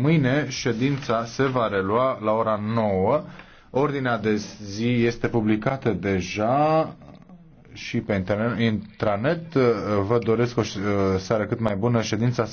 Mâine ședința se va relua la ora 9. Ordinea de zi este publicată deja și pe internet. Vă doresc o uh, seară cât mai bună. Ședința